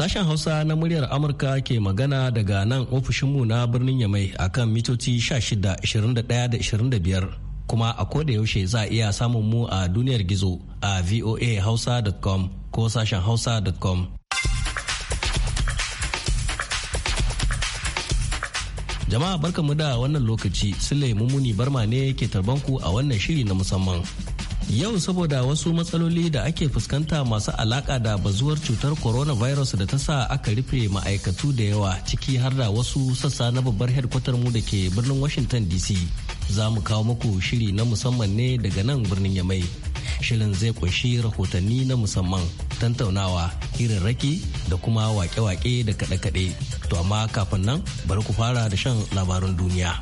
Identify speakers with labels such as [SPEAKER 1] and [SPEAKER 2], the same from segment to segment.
[SPEAKER 1] Sashen Hausa na muryar Amurka ke magana daga nan ofishinmu na birnin Yamai akan mitoci 16, 21 da 25. kuma a koda yaushe za a iya samun mu a duniyar gizo a voahausa.com ko sashen hausa.com. Jama'a mu da wannan lokaci, Sule Mumuni Barma ne ke tarbanku a wannan shiri na musamman. Yau saboda wasu matsaloli da ake fuskanta masu alaka da bazuwar cutar coronavirus da ta sa aka rufe ma'aikatu da yawa ciki har da wasu sassa na babbar headquarter mu da ke birnin Washington DC. Za mu kawo muku shiri na musamman ne daga nan birnin Yamai. Shirin zai kunshi rahotanni na musamman, tantaunawa, irin raki da kuma wake-wake da kaɗe-kaɗe. To amma kafin nan bari ku fara da shan labarun duniya.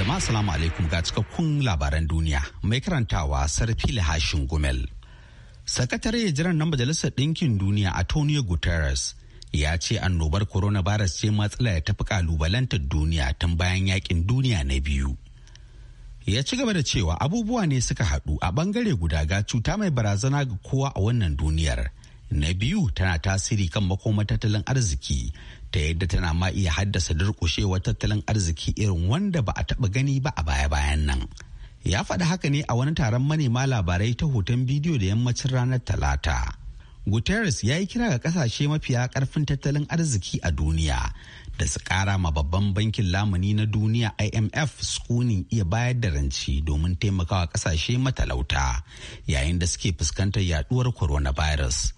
[SPEAKER 2] jama'a salamu alaikum ga cikakkun labaran duniya mai karantawa sarfili hashin gumel sakatare jiran na majalisar ɗinkin duniya antonio guterres ya ce annobar corona coronavirus ce matsala ya tafi kalubalantar duniya tun bayan yakin duniya na biyu ya ci gaba da cewa abubuwa ne suka haɗu a bangare guda ga cuta mai barazana ga kowa a wannan duniyar na biyu tana tasiri kan makomar tattalin arziki ta yadda tana ma iya haddasa durƙushewar tattalin arziki irin wanda ba a taɓa gani ba a baya-bayan nan. Ya faɗi haka ne a wani taron manema labarai ta hoton bidiyo da yammacin ranar Talata. Guterres ya yi kira ga ƙasashe mafiya ƙarfin tattalin arziki a duniya da su ƙara ma babban bankin lamuni na duniya IMF sukuni iya bayar da ranci domin taimakawa ƙasashe matalauta yayin da suke fuskantar yaduwar coronavirus.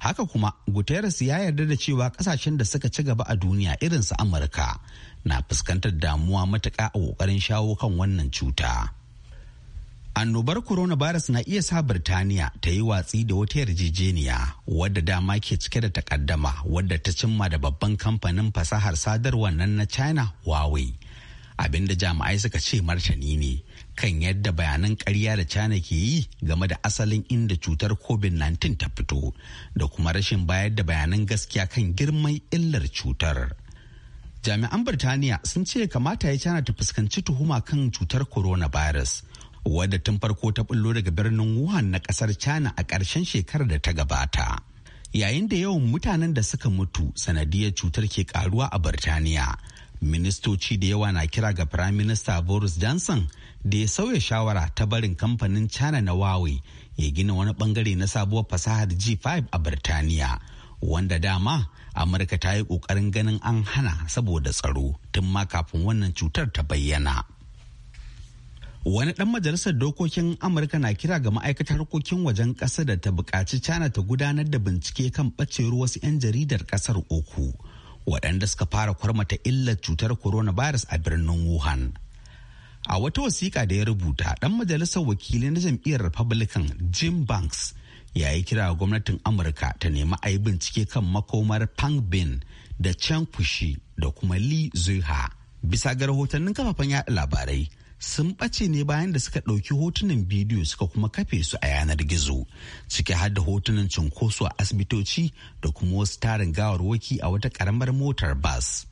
[SPEAKER 2] haka kuma guterres ya yarda da cewa kasashen da suka ci gaba a duniya irin su amurka na fuskantar damuwa matuƙa a ƙoƙarin shawo kan wannan cuta annobar coronavirus na iya sa birtaniya ta yi watsi da wata yarjejeniya wadda dama ke cike da takaddama wadda ta cimma da babban kamfanin fasahar sadarwa nan na china huawei abinda jami'ai suka ce martani ne kan yadda bayanan karya da cana ke yi game da asalin inda cutar COVID-19 ta fito da kuma rashin bayar da bayanan gaskiya kan girman illar cutar. Jami'an Birtaniya sun ce kamata ya cana ta fuskanci tuhuma kan cutar Corona virus. wadda tun farko ta bullo daga birnin Wuhan na kasar cana a ƙarshen shekarar da ta gabata. Yayin da yawan mutanen da suka mutu sanadiyar cutar ke karuwa a Birtaniya, ministoci da yawa na kira ga Firayim Minista Boris Johnson da ya sauya shawara ta barin kamfanin china na huawei ya gina wani bangare na sabuwar fasahar g5 a birtaniya wanda dama amurka ta yi kokarin ganin an hana saboda tsaro tun ma kafin wannan cutar ta bayyana wani dan majalisar dokokin amurka na kira ga ma'aikatar harkokin wajen ƙasa da ta buƙaci china ta gudanar da bincike kan ɓacewar wasu 'yan jaridar ƙasar uku waɗanda suka fara kwarmata illar cutar coronavirus a birnin wuhan a wata wasiƙa da ya rubuta ɗan majalisar wakili na jam'iyyar republican jim banks ya yi kira gwamnatin amurka ta nemi a yi bincike kan makomar pang bin da chen fushi da kuma li zuha bisa ga rahotannin kafafen yaɗa labarai sun ɓace ne bayan da suka ɗauki hotunan bidiyo suka kuma kafe su a yanar gizo ciki har da hotunan cunkoso a asibitoci da kuma wasu tarin gawarwaki a wata ƙaramar motar bas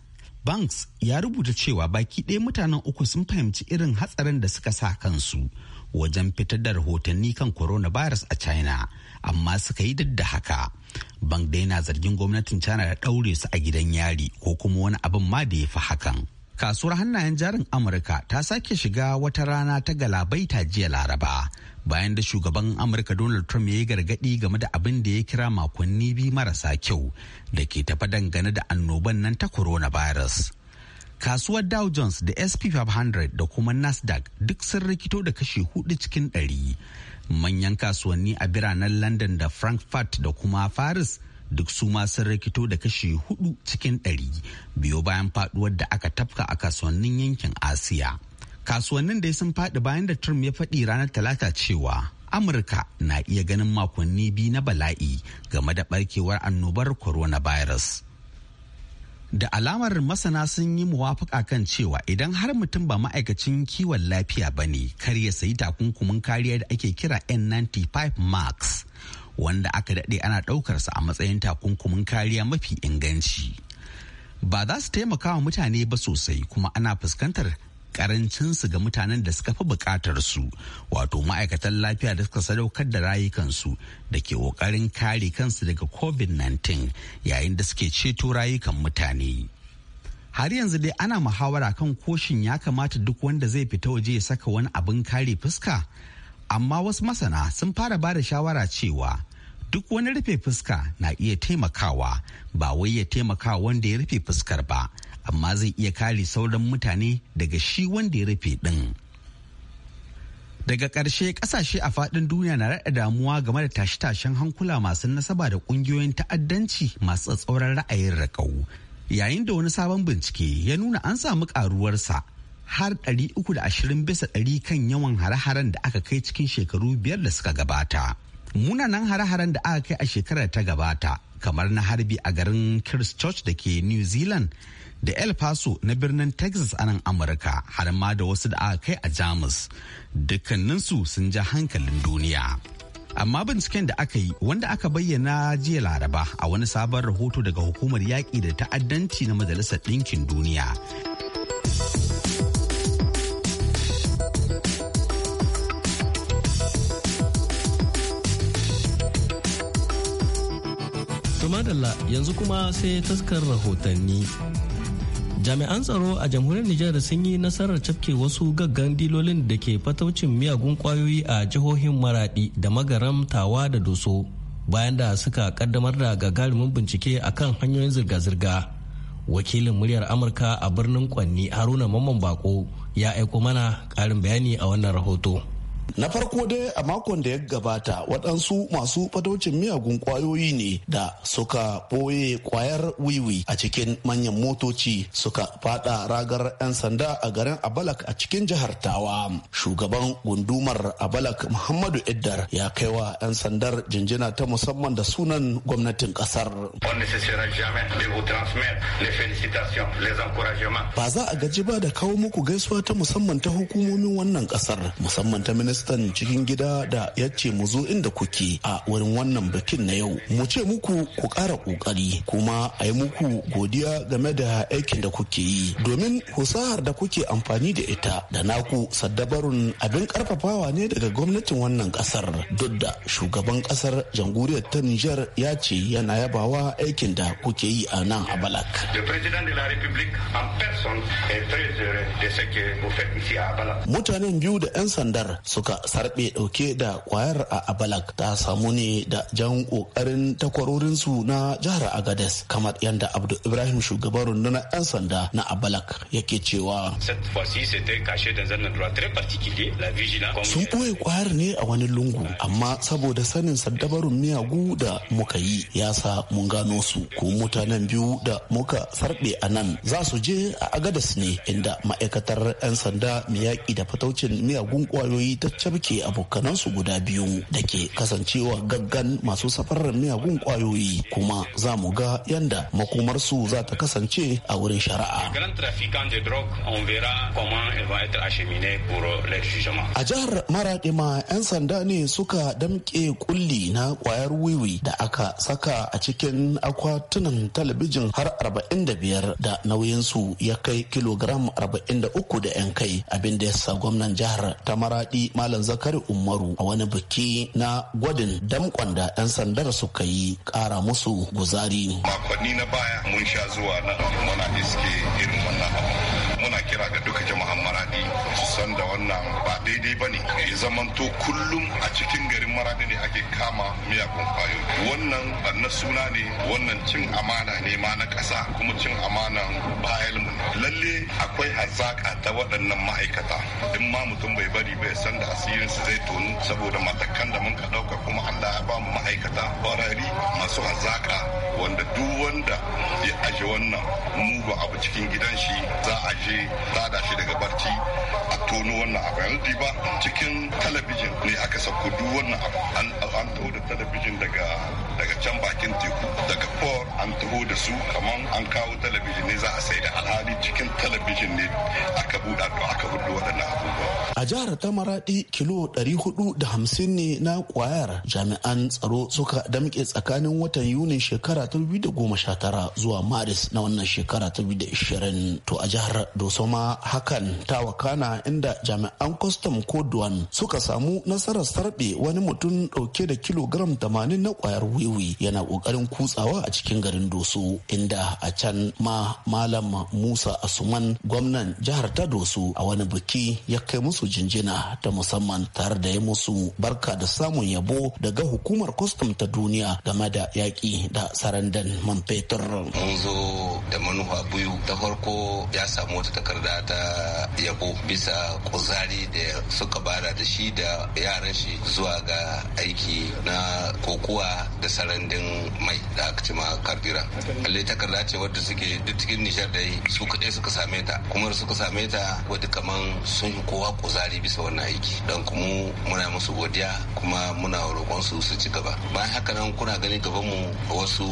[SPEAKER 2] Banks ya rubuta cewa baki ɗaya mutanen uku sun fahimci irin hatsarin da suka sa kansu wajen fitar da rahotanni kan coronavirus a China, amma suka yi duk da haka. Bank da yana zargin gwamnatin China da ɗaure su a gidan yari ko kuma wani abin ma da ya fi hakan. Kasuwar hannayen jarin Amurka ta sake shiga wata rana ta galabaita jiya Laraba bayan da shugaban amurka donald trump ya yi gargadi game da abin da ya kira makonni biyu marasa kyau da ke tafa dangane da annoban nan ta coronavirus kasuwar dow jones da sp 500 da kuma nasdaq duk sun rikito da kashi hudu cikin ɗari manyan kasuwanni a biranen london da frankfurt da kuma paris duk su ma sun rikito da kashi hudu cikin ɗari biyo bayan faduwar da aka tafka a kasuwannin yankin asiya kasuwannin dai sun faɗi bayan da Trump ya faɗi ranar talata cewa Amurka na iya ganin makonni biyu na bala'i game da ɓarkewar annobar coronavirus. Da alamar masana sun yi muwafaka kan cewa idan har mutum ba ma'aikacin kiwon lafiya ba ne kar ya sayi takunkumin kariya da ake kira N95 Max wanda aka daɗe ana ɗaukarsa a matsayin takunkumin kariya mafi inganci. Ba za su taimaka wa mutane ba sosai kuma ana fuskantar karancinsu ga mutanen da suka fi bukatar su wato ma'aikatan lafiya da suka sadaukar da rayukansu da ke kokarin kare kansu daga covid-19 yayin da suke ceto rayukan mutane har yanzu dai ana muhawara kan koshin ya kamata duk wanda zai fita waje ya saka wani abin kare fuska amma wasu masana sun fara ba da shawara cewa duk wani rufe fuska na iya taimakawa ba wai ya taimaka wanda ya rufe fuskar ba amma zai iya kare sauran mutane daga shi wanda ya rufe din. Daga ƙarshe ƙasashe a faɗin duniya na raɗa damuwa game da tashe-tashen hankula masu nasaba da ƙungiyoyin ta'addanci masu tsatsauran ra'ayin raƙau. Yayin da wani sabon bincike ya nuna an samu ƙaruwarsa har ɗari da ashirin bisa ɗari kan yawan hare-haren da aka kai cikin shekaru biyar da suka gabata. Munanan hare-haren da aka kai a shekarar ta gabata kamar na harbi a garin Christchurch da ke New Zealand da el paso na birnin texas a nan amurka har ma da wasu da aka kai a jamus dukkaninsu sun ja hankalin duniya amma binciken da aka yi wanda aka bayyana jiya laraba a wani sabon rahoto daga hukumar yaƙi da ta'addanci na majalisar ɗinkin duniya
[SPEAKER 1] madalla yanzu kuma sai taskar rahotanni jami'an tsaro a jamhuriyar nijar sun yi nasarar cafke wasu gaggan dilolin da ke fataucin miyagun kwayoyi a jihohin maradi da magaram tawa da doso bayan da suka kaddamar da gagarumin bincike a kan hanyoyin zirga-zirga wakilin muryar amurka a birnin kwanni haruna mamman bako ya aiko mana karin bayani a wannan rahoto
[SPEAKER 3] Na farko dai a makon da ya gabata waɗansu masu fadaucin miyagun ƙwayoyi ne da suka ɓoye ƙwayar wiwi a cikin manyan motoci suka fada ragar 'yan sanda a garin Abalak a cikin jihar Tawa. Shugaban gundumar Abalak Muhammadu Iddar ya kaiwa 'yan sandar jinjina ta musamman da sunan gwamnatin ƙasar. Ba za a gaji ba da kawo muku gaisuwa ta musamman ta hukumomin wannan ƙasar musamman ta minista ministan cikin gida da ya ce mu zo inda kuke a wurin wannan bikin na yau mu ce muku ku ƙara ƙoƙari kuma a yi muku godiya game da aikin da kuke yi domin husahar da kuke amfani da ita da naku saddabarun abin karfafawa ne daga gwamnatin wannan ƙasar duk da shugaban ƙasar jamhuriyar ta Nijar ya ce yana yabawa aikin da kuke yi a nan a Balak. Mutanen biyu da 'yan sandar suka suka sarbe dauke da kwayar a abalak ta samu ne da jan kokarin takwarorinsu na jihar agades kamar yadda abdu ibrahim shugaban rundunar 'yan sanda na abalak yake cewa sun ɓoye kwayar ne a wani lungu amma saboda sanin sadabarun miyagu da muka yi ya sa mun gano su ko mutanen biyu da muka sarbe a nan za su je a agades ne inda ma'aikatar 'yan sanda miyaki yaƙi da fataucin miyagun kwayoyi ta cabke abokanansu guda biyu da ke kasancewa gaggan masu safarar miyagun kwayoyi kuma za mu ga yanda makomarsu za ta kasance a wurin shari'a. A jihar Maraɗima 'yan sanda ne suka damƙe kulli na kwayar wiwi da aka saka a cikin akwatunan talabijin har 45 da nauyinsu ya kai kilogram 43 da 'yan kai abinda ya sa gwamnan jihar ta Maraɗi Malam Zakari Umaru a wani biki na gwadin damkon da 'yan sandar suka yi ƙara musu guzari. Makonni
[SPEAKER 4] na baya mun sha zuwa na muna iske irin wannan abu. Muna kira ga duka jama'an maradi san da wannan daidai ba ne ya zamanto kullum a cikin garin maradi ne ake kama miyakun kwayoyi wannan na suna ne wannan cin amana ne ma na ƙasa kuma cin amana bayan mu lalle akwai hazaƙa ta waɗannan ma'aikata in ma mutum bai bari bai san da asirin zai tonu saboda matakan da mun ka ɗauka kuma Allah ya ba mu ma'aikata ƙwararri masu hazaƙa wanda duk wanda ya aje wannan mugu abu cikin gidan shi za a je tada shi daga barci a tono wannan abu ba cikin talabijin ne aka sauko duk wannan abu an da talabijin daga daga can bakin teku daga por an taho da su kamar an kawo talabijin ne za a sai da alhali cikin talabijin ne aka buɗa to aka buɗe waɗannan abubuwa.
[SPEAKER 3] A jihar ta Maraɗi kilo 450 ne na kwayar jami'an tsaro suka damƙe tsakanin watan yuni shekara ta 2019 zuwa Maris na wannan shekara ta 2020. To a jihar Dosoma hakan ta wakana inda jami'an kwastam ko duwan suka samu nasarar sarɓe wani mutum ɗauke da kilogram 80 na kwayar wiwi. Aliyu yana kokarin kutsawa a cikin garin Doso inda a can ma Malam Musa Asuman gwamnan jihar ta Doso a wani biki ya kai musu jinjina ta musamman tare da ya musu barka da samun yabo daga hukumar kwastam ta duniya game da yaƙi da sarandan man fetur. Mun
[SPEAKER 5] zo da manufa biyu ta farko ya samu wata takarda ta yabo bisa kuzari da suka bada da shi da yaran shi zuwa ga aiki na kokuwa da sarandin mai da aka ce ma kardira takarda ce wadda suke duk cikin nishar da su kaɗai suka same ta kuma suka same ta wadda kaman sun yi kowa kuzari bisa wannan aiki don kuma muna musu godiya kuma muna roƙon su su ci gaba bayan haka nan kuna gani gaban mu wasu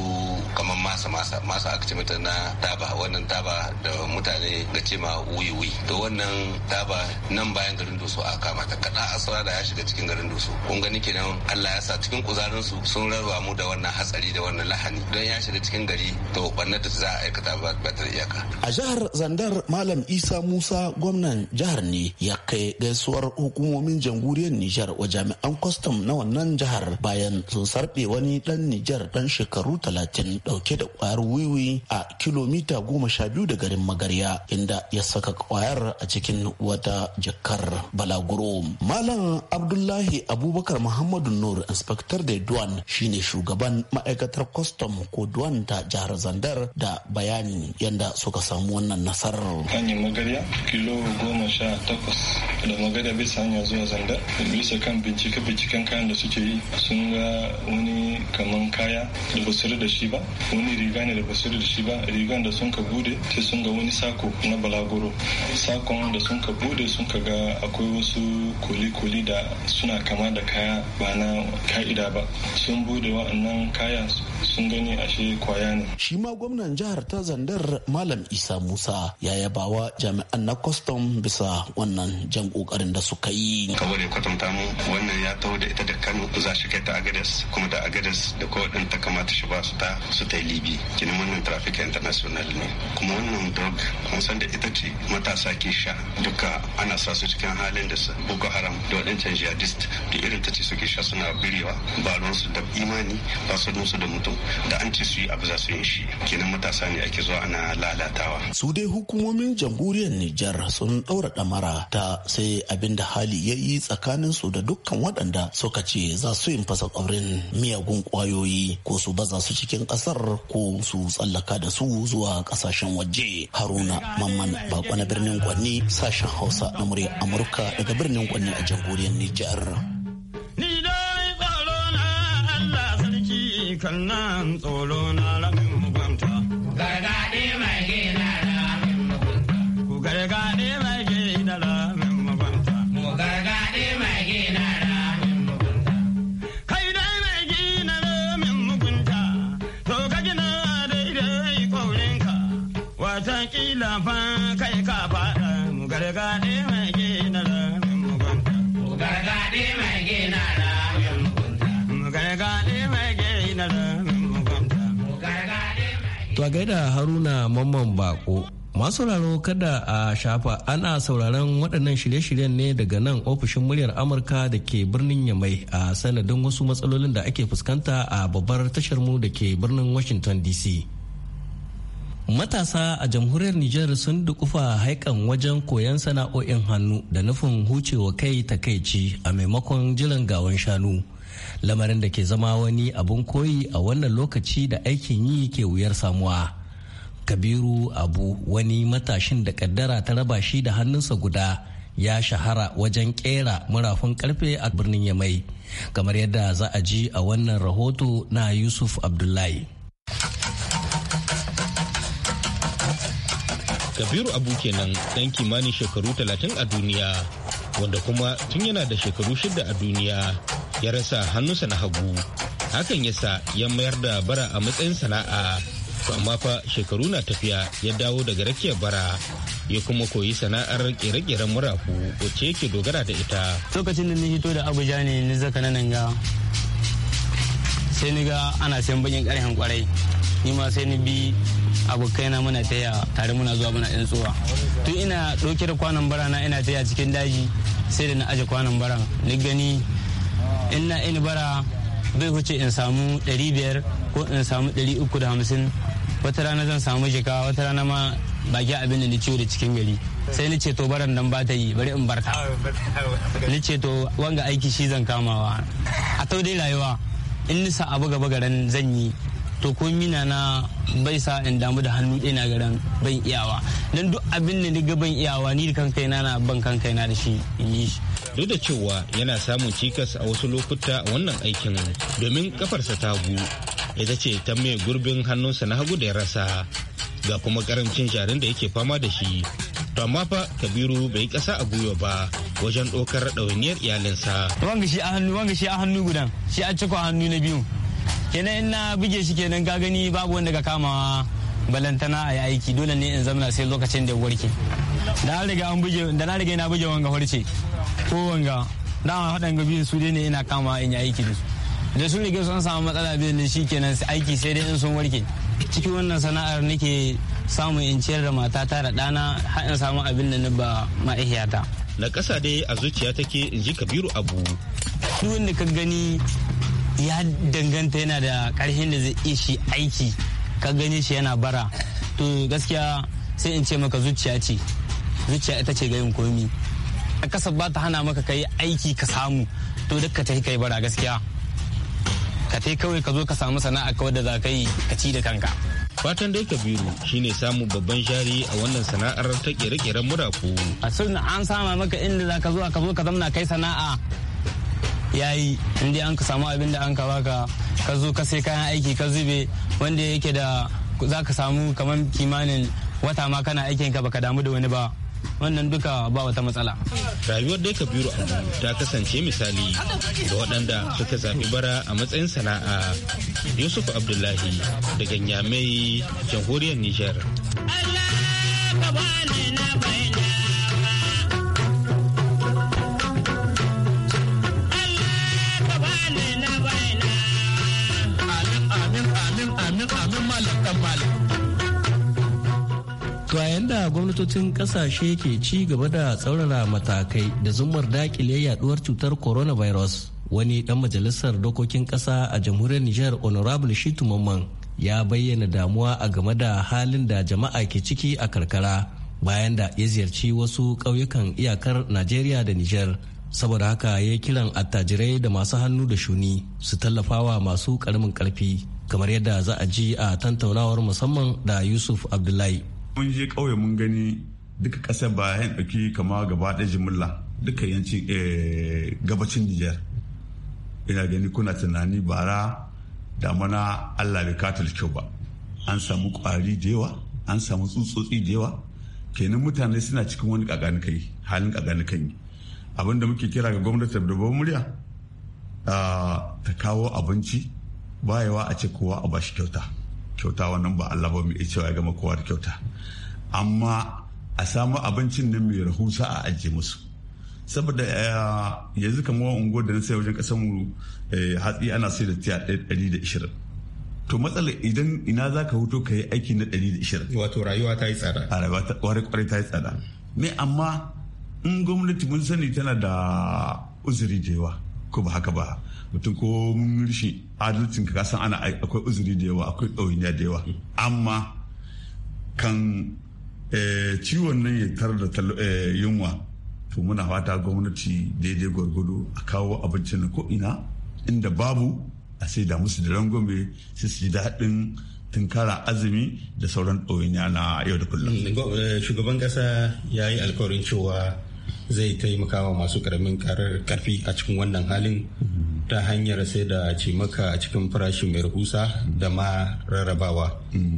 [SPEAKER 5] kaman masa masa masa aka ce mata na taba wannan taba da mutane ga ce ma wuyi wuyi to wannan taba nan bayan garin doso a kama ta kaɗa asara da ya shiga cikin garin doso kun gani kenan Allah ya sa cikin kuzarin su sun rarwa mu da wannan hatsari da wannan lahani don ya shiga cikin gari to wannan da za a aikata ba ta
[SPEAKER 3] iyaka. A jihar Zandar Malam Isa Musa gwamnan jihar ne ya kai gaisuwar hukumomin jamhuriyar Nijar wa jami'an kwastam na wannan jihar bayan sun sarɓe wani dan Nijar dan shekaru talatin dauke da kwayar wiwi a kilomita goma sha biyu da garin Magarya inda ya saka kwayar a cikin wata jakar balaguro. Malam Abdullahi Abubakar Muhammadu Nur Inspector da Duan shine shugaban shugaban ma'aikatar kwastam ko duwan ta jihar Zandar da
[SPEAKER 4] bayani yadda suka
[SPEAKER 3] samu wannan nasarar.
[SPEAKER 4] Hanyar magarya kilo goma sha takwas da magarya bisa hanya zuwa Zandar bisa kan bincike binciken kayan da suke yi sun ga wani kaman kaya da ba su da shi ba wani riga ne da ba su da shi ba rigan da sun ka bude sai sun ga wani sako na balagoro sakon da sun ka bude sun ka ga akwai wasu koli-koli da suna kama da kaya ba na ka'ida ba sun bude wa wannan kayan sun gani ashe kwaya ne. Shi ma gwamnan jihar ta
[SPEAKER 3] zandar Malam Isa Musa ya yabawa jami'an na kwastam bisa wannan jan kokarin da suka yi.
[SPEAKER 1] Kawai da kwatanta mu wannan ya taho da ita da Kano za shi kai ta Agadez
[SPEAKER 4] kuma da Agadez da kowaɗin ta kamata shi ba su ta su ta Libi. Kini wannan traffic international ne. Kuma wannan drug kun san da ita ce matasa ke sha duka ana sa su
[SPEAKER 3] cikin halin da Boko Haram da waɗancan jihadist da irin ta ce suke sha suna birewa ba
[SPEAKER 4] su da imani ba su da mutum da an ce su yi abu za su yi shi kenan matasa ne ake zuwa ana lalatawa
[SPEAKER 3] su dai hukumomin jamhuriyar Nijar sun ɗaura ɗamara ta sai abin da hali ya yi tsakanin su da dukkan waɗanda suka ce za su yi fasa ƙaurin miyagun ƙwayoyi ko su baza su cikin ƙasar ko su tsallaka da su zuwa ƙasashen waje haruna mamman bako na birnin kwanni sashen hausa na murya amurka daga birnin
[SPEAKER 4] kwanni a jamhuriyar
[SPEAKER 3] Nijar.
[SPEAKER 4] kan nan tsoro na
[SPEAKER 1] a gaida Haruna Mamman Bako. Masu raro kada a shafa ana sauraron waɗannan shirye-shiryen ne daga nan ofishin muryar Amurka da ke birnin Yamai a sanadin wasu matsalolin da ake fuskanta a babbar tashar mu da ke birnin Washington DC. Matasa a jamhuriyar niger sun dukufa haikan wajen koyon sana'o'in hannu da nufin hucewa kai takaici a maimakon jiran gawan shanu. lamarin da ke zama wani abun koyi a wannan lokaci da aikin yi ke wuyar samuwa kabiru abu wani matashin da kaddara ta raba shi da hannunsa guda ya shahara wajen kera murafin karfe a birnin yamai kamar yadda za a ji a wannan rahoto na yusuf abdullahi
[SPEAKER 4] kabiru abu kenan dan kimanin shekaru 30 a duniya wanda kuma tun yana da shekaru shida a duniya ya rasa hannunsa na hagu hakan ya sa ya mayar da bara a matsayin sana'a to amma fa shekaru na tafiya ya dawo daga rakiyar bara ya kuma koyi sana'ar kere-keren murafu wacce
[SPEAKER 6] yake dogara da ita lokacin da ni hito da abuja ne ni zaka nan ga sai ni ga ana sayan bakin karhen kwarai ni ma sai ni bi na muna taya tare muna zuwa muna yan tsuwa tun ina ɗauke da kwanan bara na ina taya cikin daji sai da na aje kwanan bara ni gani in na in bara bai wuce in samu 500 ko in samu 350 wata rana zan samu jika wata rana ma baki abin da ni ciwo da cikin gari sai ni ce to baran nan ba ta yi bari in barka ni ce to wanga aiki shi zan kamawa a tau dai rayuwa in nisa abu gaba garan zan yi to ko mina na bai sa in damu da hannu ɗaya na garan ban iyawa dan duk abin da ni ga ban iyawa ni kan kaina na ban kan kaina da shi in yi shi duk da cewa yana samun cikas a wasu lokuta a wannan aikin
[SPEAKER 4] domin kafarsa ta gu ita ce ta mai gurbin hannunsa na hagu da ya rasa ga kuma karamcin jarin da yake fama da shi to amma fa kabiru bai kasa a gwiwa ba wajen ɗaukar ɗawainiyar iyalinsa
[SPEAKER 6] wanga shi a hannu wanga shi a hannu gudan shi a ciko hannu na biyu kenan ina na buge shi kenan ga gani babu wanda ka kamawa balantana a yi aiki dole ne in zamana sai lokacin da warke da na riga an buge da na riga ina buge wanga horce ko wanga da ga biyu su ne ina kama in yi aiki da su da sun riga sun samu matsala biyu ne shikenan aiki sai dai in sun warke cikin wannan sana'ar nake samun in ciyar da matata da dana har in samu abin da ni ba ma'ihiyata na ƙasa
[SPEAKER 4] dai a zuciya take in ji kabiru abu
[SPEAKER 6] duk wanda ka gani ya danganta yana da ƙarfin da zai iya shi aiki ka gani shi yana bara to gaskiya sai in ce maka zuciya ce zuciya ita ce ga yin komi a kasa ba ta hana maka kai aiki ka samu to duk ka tafi kai bara gaskiya ka tai kawai ka zo ka samu sana'a kawai da za ka yi ka ci da kanka fatan dai kabiru shine
[SPEAKER 4] samun babban shari a wannan sana'ar ta kere-keren murafu
[SPEAKER 6] a sirna an sama maka inda za ka zo ka zo ka zamna kai sana'a ya yi inda an ka samu abin da an ka baka ka zo ka sai kayan aiki ka zube wanda yake da za ka samu kamar kimanin wata ma kana aikin ka baka damu da wani ba wannan duka ba wata matsala. Rayuwar dai Kabiru Abu
[SPEAKER 4] ta kasance misali ga waɗanda suka zaɓi bara a matsayin sana'a Yusuf Abdullahi daga Nyamai, jamhuriyar Nijar.
[SPEAKER 1] gwamnatocin kasashe ke ci gaba da tsaurara matakai da zumar dakile yaduwar cutar coronavirus wani dan majalisar dokokin kasa a jamhuriyar niger honorable shitu mamman ya bayyana damuwa a game da halin da jama'a ke ciki a karkara bayan da ya ziyarci wasu ƙauyukan iyakar nigeria da niger saboda haka ya yi kiran attajirai da masu hannu da shuni su tallafawa masu ƙaramin karfi kamar yadda za a ji a tantaunawar musamman da yusuf abdullahi
[SPEAKER 7] mun je ƙauye mun gani duka ƙasar ba yan ɗauki kama gaba ɗaya jimilla duka yancin eh, gabacin Nijar. Ina gani kuna tunani bara da mana Allah bai katul kyau ba. An samu ƙwari da yawa, an samu tsutsotsi da yawa. Kenan mutane suna cikin wani kai, halin kakanikai. Abin da muke kira ga gwamnati da babban murya, ah, ta kawo abinci, bayawa a ce kowa a bashi kyauta. kyauta wannan ba Allah ba yi cewa ya gama kowa da kyauta amma a samu abincin nan mai rahusa a ajiye musu saboda eh, yanzu kamar unguwar da na sai wajen kasar mu eh, hatsi ana sai da tiya ishirin to matsala idan ina za ka huto ka yi aiki na da ishirin wato rayuwa ta yi tsada a rayuwa ta kwarai ta yi tsada me amma in gwamnati mun sani tana da uzuri da yawa ko ba haka ba mutum ko mun rishi adalcin ka san ana akwai uzuri da yawa akwai ɗawainiya da yawa amma kan eh, ciwon nan ya tar da eh, yunwa to muna fata gwamnati daidai gwargwado a kawo abincin ko ina inda babu a sai da musu da rangwame su ji daɗin tunkara azumi da sauran ɗauniya na yau da kullum. Mm, eh, shugaban ƙasa ya yi alkawarin cewa zai taimaka
[SPEAKER 4] wa masu karamin karfi a cikin wannan halin ta hanyar sai da cimaka a cikin farashi mai rahusa da ma rarrabawa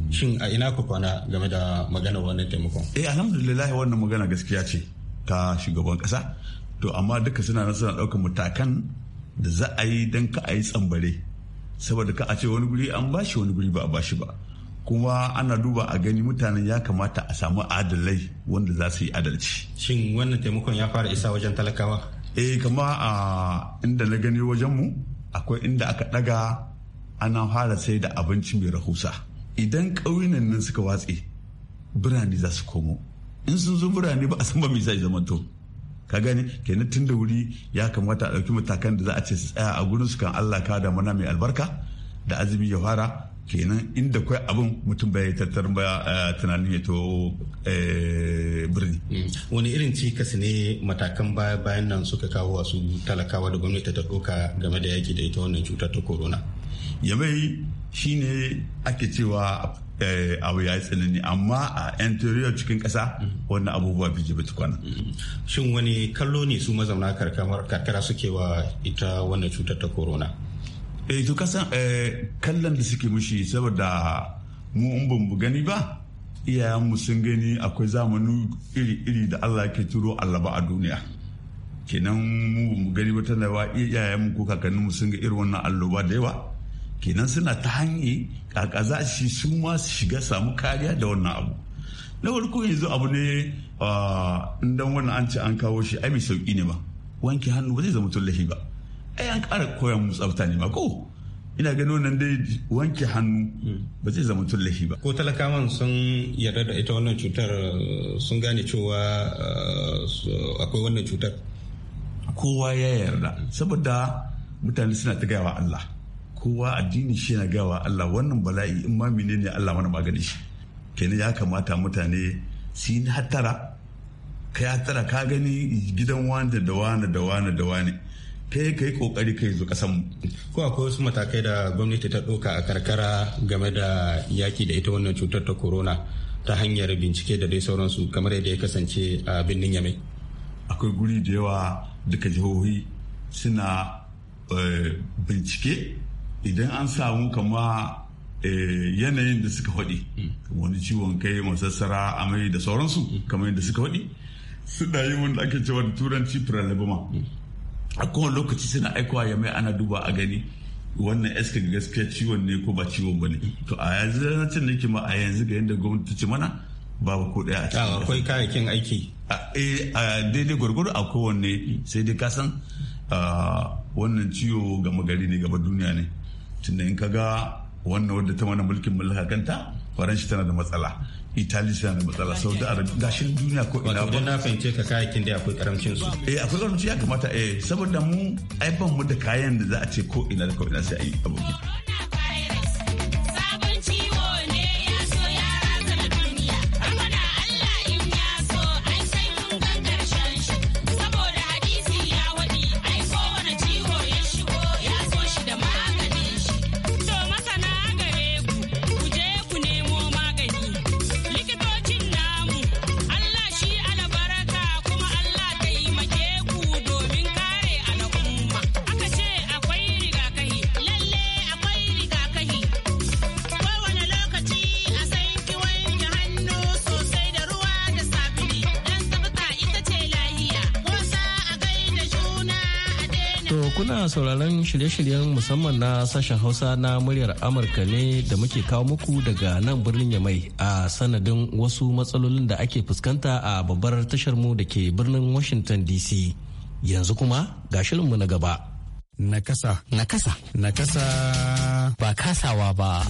[SPEAKER 4] shin a ina ku kwana game
[SPEAKER 7] da magana wannan taimakon eh alhamdulillah wannan magana gaskiya ce ta shugaban kasa to amma duka suna nan suna ɗaukar matakan da za a yi don ka a yi tsambare saboda ka a ce wani guri an bashi wani guri ba a bashi ba kuma ana duba a gani mutanen ya kamata a samu adalai wanda za su yi adalci shin wannan taimakon ya fara isa wajen talakawa eh kama a inda na gani wajenmu akwai inda aka daga ana fara sai da abinci mai rahusa idan ƙauyunan nan suka watse birane za su komo in sun zo birane ba a san ba mai zai zamanto ka gani kenan tun da wuri ya kamata a ɗauki matakan da za a ce su tsaya a gurin su kan Allah ka da mana mai albarka da azumi ya fara kenan inda kwai abin mutum bai tattar ba tunanin ya to e, birni. wani irin cikas ne matakan
[SPEAKER 4] bayan nan suka kawo wasu talakawa da gwamnati ta ɗauka game da yaki da ita wannan cutar ta corona.
[SPEAKER 7] yamai shine ake cewa e, abu ya yi tsanani amma a interior cikin ƙasa mm-hmm. wannan abubuwa bai ji kwana. Mm-hmm. shin wani kallo ne
[SPEAKER 4] su mazauna karkara suke wa ita wannan cutar ta corona. eh to kasan
[SPEAKER 7] eh, kallon da suke mushi saboda mu in ban gani ba mu sun gani akwai zamanu iri-iri da Allah ke turo allaba a duniya kenan mu gani ba tana ba mu ko mu sun ga irin wannan alloba da yawa kenan suna ta hanyi kaka za shi su ma su shiga samu kariya da wannan abu na farko yanzu abu ne ah, in dan wannan an ce an kawo shi ai mai sauki ne ba wanke hannu ba zai zama tullahi ba ai eh, an ƙara koyan mu tsafta ne ma ko ina ganin wannan dai wanke hannu ba zai zama tullahi ba ko talakawan sun
[SPEAKER 4] yarda da ita wannan cutar sun gane cewa eh, akwai wannan cutar
[SPEAKER 7] kowa ya yarda saboda mutane suna ta gawa Allah kowa addini shi na gawa Allah wannan bala'i in ma menene Allah mana magani shi kenan ya kamata mutane su yi hattara ka hattara ka gani gidan wani da wani da wani da wani fe ka yi kokari ka zo kasan ko akwai wasu matakai
[SPEAKER 4] da gwamnati ta ɗauka a karkara game da yaki da ita wannan cutar ta corona ta hanyar bincike da dai sauransu kamar yadda ya kasance a birnin yamai akwai guri da yawa
[SPEAKER 7] duka jihohi suna eh, bincike idan an samu kama eh, yanayin da suka faɗi wani ciwon kai masassara amai da sauransu kamar yadda suka faɗi suna yi wanda ake cewa da turanci prelibima a kowane lokaci suna aikowa ya mai ana duba a gani wannan eskin gaskiya ciwon ne ko ba ciwon ba ne to a yanzu zancen da ma a yanzu ga yadda gwamnati ce mana babu ko daya a cikin ah, akwai kayakin aiki a eh, daidai gwargwaro a kowanne sai dai kasan wannan ciwo gama gari ne gaba duniya ne tunda in ka ga wannan wadda ta mana mulkin mulka kanta faranshi tana da matsala Italy suna da matsala Saudi Arabia gashin duniya ko ina ba. na fahimce ka kayakin da akwai karamcin su. Eh akwai karamci ya kamata eh saboda mu ai ban mu da kayan da za a ce ko ina da ko ina sai a yi abokin.
[SPEAKER 1] shirye-shiryen musamman na sashen Hausa na muryar Amurka ne da muke kawo muku daga nan birnin Yamai a sanadin wasu matsalolin da ake fuskanta a babbar tasharmu mu da ke birnin Washington DC. Yanzu kuma ga shirinmu na gaba. Nakasa. Nakasa. Nakasa.
[SPEAKER 6] Ba kasawa ba.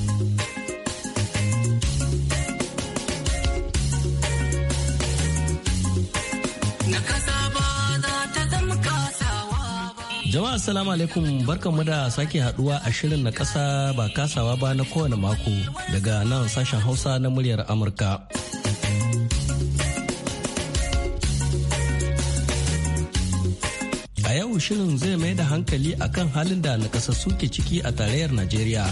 [SPEAKER 1] Jama'a assalamu alaikum mu da sake haduwa a shirin na kasa ba kasawa ba na kowane mako daga nan sashen Hausa na muryar Amurka. shirin zai mai da hankali akan halin da nakasassu ke ciki a tarayyar Najeriya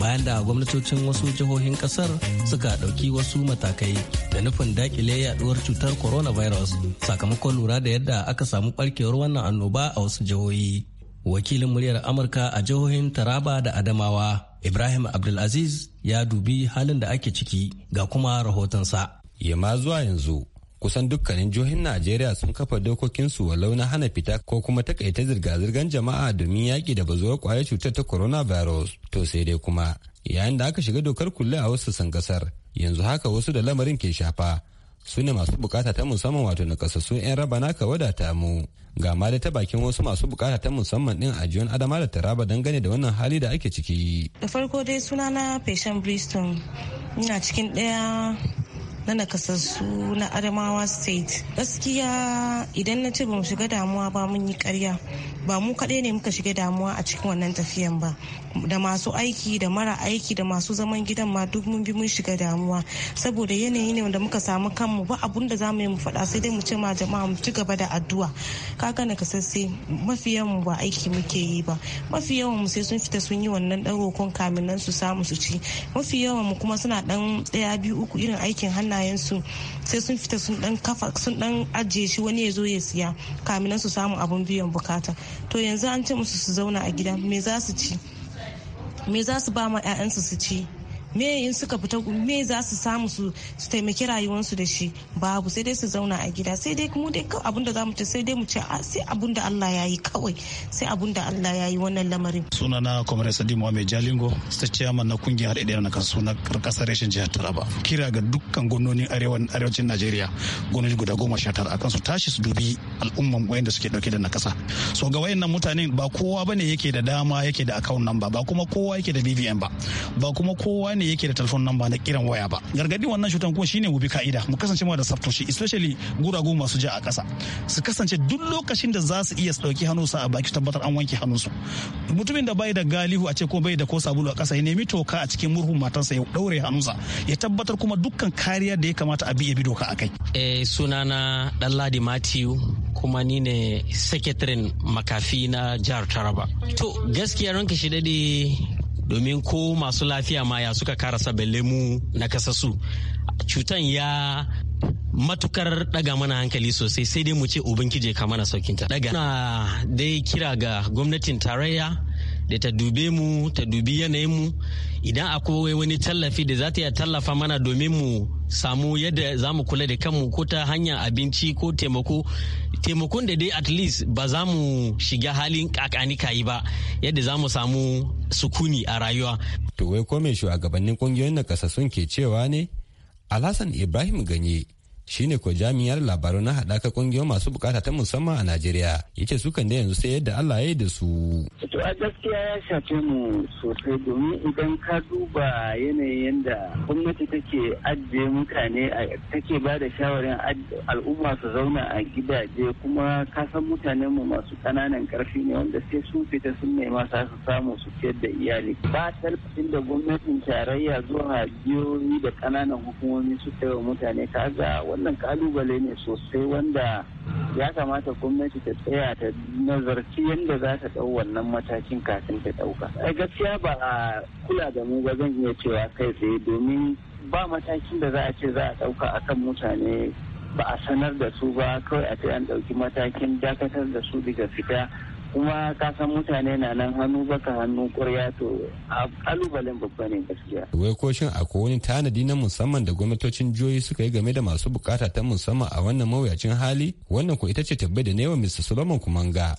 [SPEAKER 1] bayan da gwamnatocin wasu jihohin kasar suka ɗauki wasu matakai da nufin dakile yaduwar cutar coronavirus sakamakon lura da yadda aka samu barkewar wannan annoba a wasu jihohi. Wakilin muryar Amurka a jihohin Taraba da Adamawa, Ibrahim Abdulaziz ya dubi halin da ake ciki ga kuma rahotonsa.
[SPEAKER 5] Yama zuwa yanzu kusan dukkanin jihohin najeriya sun kafa dokokinsu walau na hana fita ko kuma takaita zirga-zirgar jama'a domin yaƙi da bazuwar kwayar cutar ta coronavirus to sai dai kuma yayin da aka shiga dokar kulle a wasu sassan kasar yanzu haka wasu da lamarin ke shafa su ne masu bukata ta musamman wato na 'yan raba naka wadata mu ga ma da ta bakin wasu masu bukata ta musamman din a jiyon adama da taraba dangane da wannan hali da ake ciki
[SPEAKER 8] da farko dai sunana feshen bristol ina cikin ɗaya na nakasassu na adamawa state gaskiya idan na ce ba mu shiga damuwa ba mun yi karya ba mu kaɗai ne muka shiga damuwa a cikin wannan tafiyan ba da masu aiki da mara aiki da masu zaman gidan ma duk mun bi mun shiga damuwa saboda yanayi ne wanda muka samu kanmu ba abun da za mu yi mu faɗa sai dai mu ce ma jama'a mu ci gaba da addu'a kaga nakasasse mafi yawan ba aiki muke yi ba mafi yawan mu sai sun fita sun yi wannan ɗan kamin nan su samu su ci mafi yawan mu kuma suna ɗan ɗaya biyu uku irin aikin hannu hannayensu sai sun fita sun dan kafa sun dan ajiye shi wani ya zo ya siya kamin su samu abun biyan bukata to yanzu an ce musu su zauna a gida me za su ci me za su ba ma 'ya'yansu su ci me in suka fita me za su samu su taimaki rayuwarsu da shi babu sai dai su zauna a gida sai dai kuma dai abin da za mu ce sai dai mu ce ah, sai abin da Allah ya yi kawai sai abin da Allah ya yi wannan lamarin
[SPEAKER 3] suna na Comrade sadi muhammed jalingo ta ciyaman na kungiyar haɗe na kansu na kasar reshen jihar taraba kira ga dukkan gwamnonin arewacin najeriya gwamnati guda goma sha tara akan su tashi su dubi al'umman wayanda suke dauke da nakasa so ga wayannan mutanen ba kowa bane yake da dama yake da account number ba kuma kowa yake da BVN ba ba kuma kowa ne ne yake da telefon number na kiran waya ba gargadin wannan cutan kuma shine mu bi ka'ida mu kasance mu da tsaftoci especially guragu masu ja a ƙasa su kasance duk lokacin da za su iya su dauki hannu sa a baki tabbatar an wanke su mutumin da bai da galihu a ce ko bai da ko sabulu a ƙasa ya nemi toka a cikin murhun matansa ya ɗaure hannunsa ya tabbatar kuma dukkan kariya da ya kamata a bi ya bi doka a kai.
[SPEAKER 1] eh sunana ɗanladi matiu kuma ni ne sakataren makafi na jihar taraba to gaskiya ranka shi dade domin ko masu lafiya ma ya suka karasa balle mu na kasasu cutan ya matukar daga mana hankali sosai sai dai mu ce ubangiji ka mana saukinta daga na dai kira ga gwamnatin tarayya da ta dube mu ta dubi yanayin mu idan akwai wani tallafi da za ta iya tallafa mana domin mu samu yadda za mu kula da kanmu ko ta hanyar abinci ko taimako taimakon da dai at least ba za mu shiga halin kakani kayi ba yadda za mu samu sukuni a rayuwa. To
[SPEAKER 5] wai ko a shugabannin kungiyoyin na sun ke cewa ne? Alhassan Ibrahim Ganye shine ko jami'ar labaru na haɗaka ƙungiyoyin masu bukata ta musamman a Najeriya yace su kan da yanzu sai yadda Allah ya yi da su.
[SPEAKER 6] To a gaskiya ya shafe mu sosai domin idan ka duba yanayin yadda gwamnati take ajiye mutane take ba da shawarin al'umma su zauna a gidaje kuma ka san mutanen mu masu ƙananan ƙarfi ne wanda sai sun fita sun nema sa su samu su ciyar da iyali. Ba talabcin da gwamnatin tarayya zuwa jihohi da ƙananan hukumomi su wa mutane kaga wannan kalubale ne sosai wanda ya kamata gwamnati ta tsaya ta nazarci yadda za ta ɗau wannan matakin kafin ta ɗauka. Ai gaskiya ba a kula da mu ba zan iya cewa kai tsaye domin ba matakin da za a ce za a ɗauka a kan mutane ba a sanar da su ba kawai a an ɗauki matakin dakatar da su daga fita kuma ka san mutane na nan hannu baka hannu ƙwarya to a kalubalen babba ne gaskiya.
[SPEAKER 5] wai ko shin akwai wani tanadi na musamman da gwamnatocin jihohi suka yi game da masu bukata ta musamman a wannan mawuyacin hali wannan ko ita ce tabbai da newa mr solomon kumanga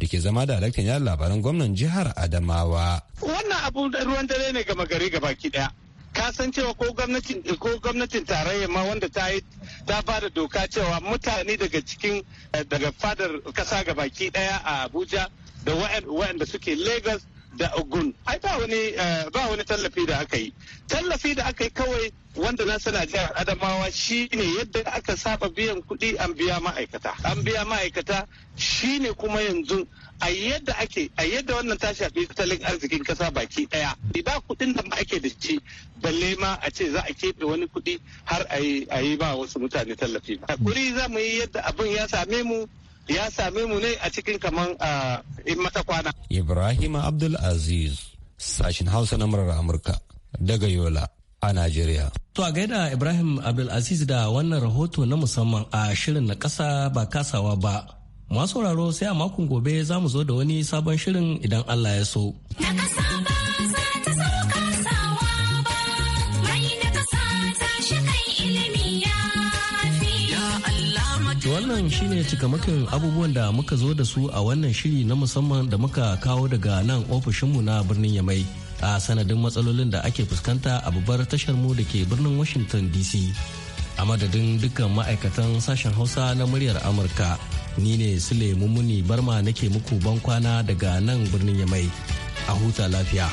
[SPEAKER 5] da ke zama da alaktan yada labaran gwamnan jihar adamawa.
[SPEAKER 4] wannan abu ruwan dare ne gama gari gaba ki daya ka san cewa ko gwamnatin ko gwamnatin tarayya ma wanda ta yi ta bada doka cewa mutane daga cikin eh, daga fadar kasa ga baki daya a Abuja da waɗanda suke Lagos da Ogun ai ba wani eh, ba wani tallafi da aka yi tallafi da aka yi kawai wanda na sana jihar Adamawa shine yadda aka saba biyan kuɗi an biya ma'aikata an biya ma'aikata shine kuma yanzu a yadda ake a yadda wannan ta shafi tattalin arzikin kasa baki daya ba kuɗin da ake da shi balle ma a ce za a keɓe wani kuɗi har a yi a yi ba wasu mutane tallafi ba kuri za mu yi yadda abin ya same mu ya same mu ne a cikin kaman in mata kwana
[SPEAKER 5] ibrahim abdul aziz sashin hausa na murar amurka daga yola a Najeriya.
[SPEAKER 1] To a gaida Ibrahim abdul Abdulaziz da wannan rahoto na musamman a shirin na kasa ba kasawa ba Masu sauraro sai a makon gobe za mu zo da wani sabon shirin idan Allah ya so. wannan shine cikamakin abubuwan da muka zo da su a wannan shiri na musamman da muka kawo daga nan ofishinmu na birnin yamai a sanadin matsalolin da ake fuskanta a babbar tashar mu da ke birnin washington dc a madadin dukkan ma'aikatan sashen hausa na muryar amurka ni ne sule mummuni barma nake muku ban kwana daga nan birnin yamai a huta lafiya